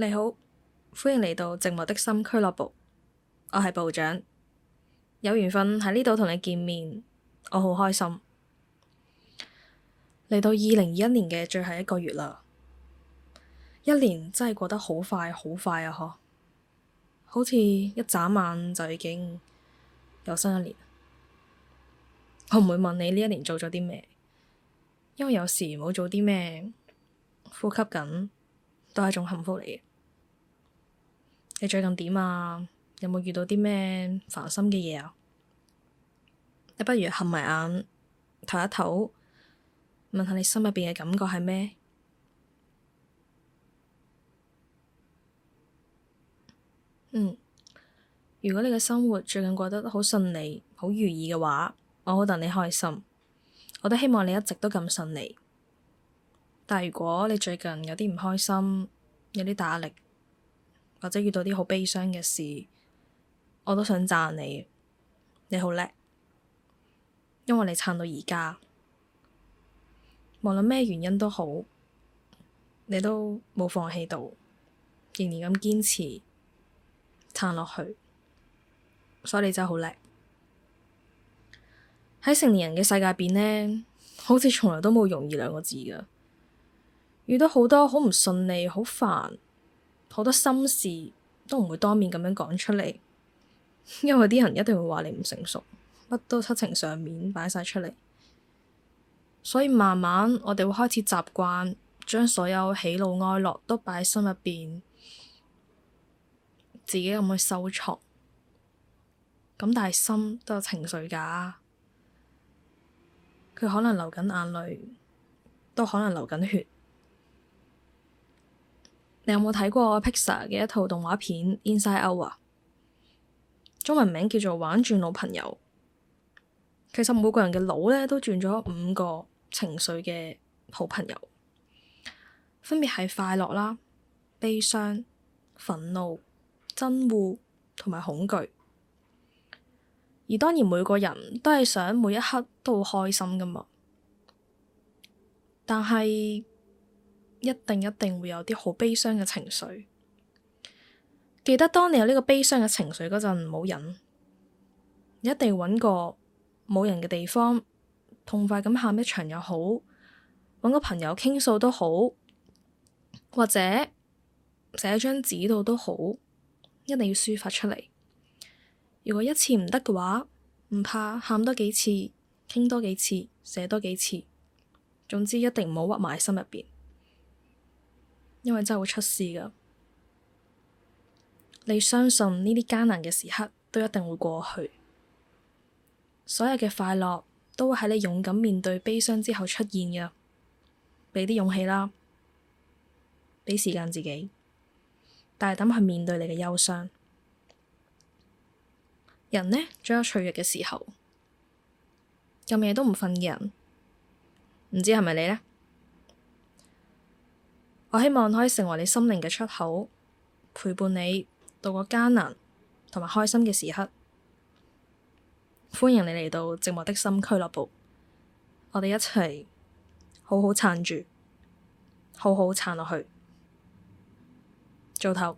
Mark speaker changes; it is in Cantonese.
Speaker 1: 你好，歡迎嚟到寂寞的心俱樂部，我係部長，有緣分喺呢度同你見面，我好開心。嚟到二零二一年嘅最後一個月啦，一年真係過得好快，好快啊！嗬，好似一眨眼就已經有新一年。我唔會問你呢一年做咗啲咩，因為有時冇做啲咩呼吸緊都係一種幸福嚟嘅。你最近點啊？有冇遇到啲咩煩心嘅嘢啊？你不如合埋眼，唞一唞，問下你心入邊嘅感覺係咩？嗯，如果你嘅生活最近過得好順利、好如意嘅話，我好戥你開心。我都希望你一直都咁順利。但如果你最近有啲唔開心，有啲大壓力，或者遇到啲好悲傷嘅事，我都想讚你，你好叻，因為你撐到而家，無論咩原因都好，你都冇放棄到，仍然咁堅持撐落去，所以你真係好叻。喺成年人嘅世界邊呢，好似從來都冇容易兩個字㗎，遇到好多好唔順利，好煩。好多心事都唔會當面咁樣講出嚟，因為啲人一定會話你唔成熟，乜都七情上面擺晒出嚟，所以慢慢我哋會開始習慣將所有喜怒哀樂都擺喺心入邊，自己咁去收藏。咁但係心都有情緒噶，佢可能流緊眼淚，都可能流緊血。你有冇睇過 Pixar 嘅一套動畫片 Inside Out 啊？中文名叫做玩轉腦朋友。其實每個人嘅腦咧都轉咗五個情緒嘅好朋友，分別係快樂啦、悲傷、憤怒、憎惡同埋恐懼。而當然，每個人都係想每一刻都好開心噶嘛，但係，一定一定會有啲好悲傷嘅情緒。記得當你有呢個悲傷嘅情緒嗰陣，唔好忍，一定揾個冇人嘅地方，痛快咁喊一場又好，揾個朋友傾訴都好，或者寫張紙度都好，一定要抒發出嚟。如果一次唔得嘅話，唔怕喊多幾次，傾多幾次，寫多幾次，總之一定唔好屈埋喺心入邊。因為真係會出事噶，你相信呢啲艱難嘅時刻都一定會過去，所有嘅快樂都會喺你勇敢面對悲傷之後出現嘅，畀啲勇氣啦，畀時間自己，大膽去面對你嘅憂傷。人呢，總有脆弱嘅時候，咁夜都唔瞓嘅人，唔知係咪你呢？我希望可以成為你心靈嘅出口，陪伴你度過艱難同埋開心嘅時刻。歡迎你嚟到寂寞的心俱樂部，我哋一齊好好撐住，好好撐落去，早唞。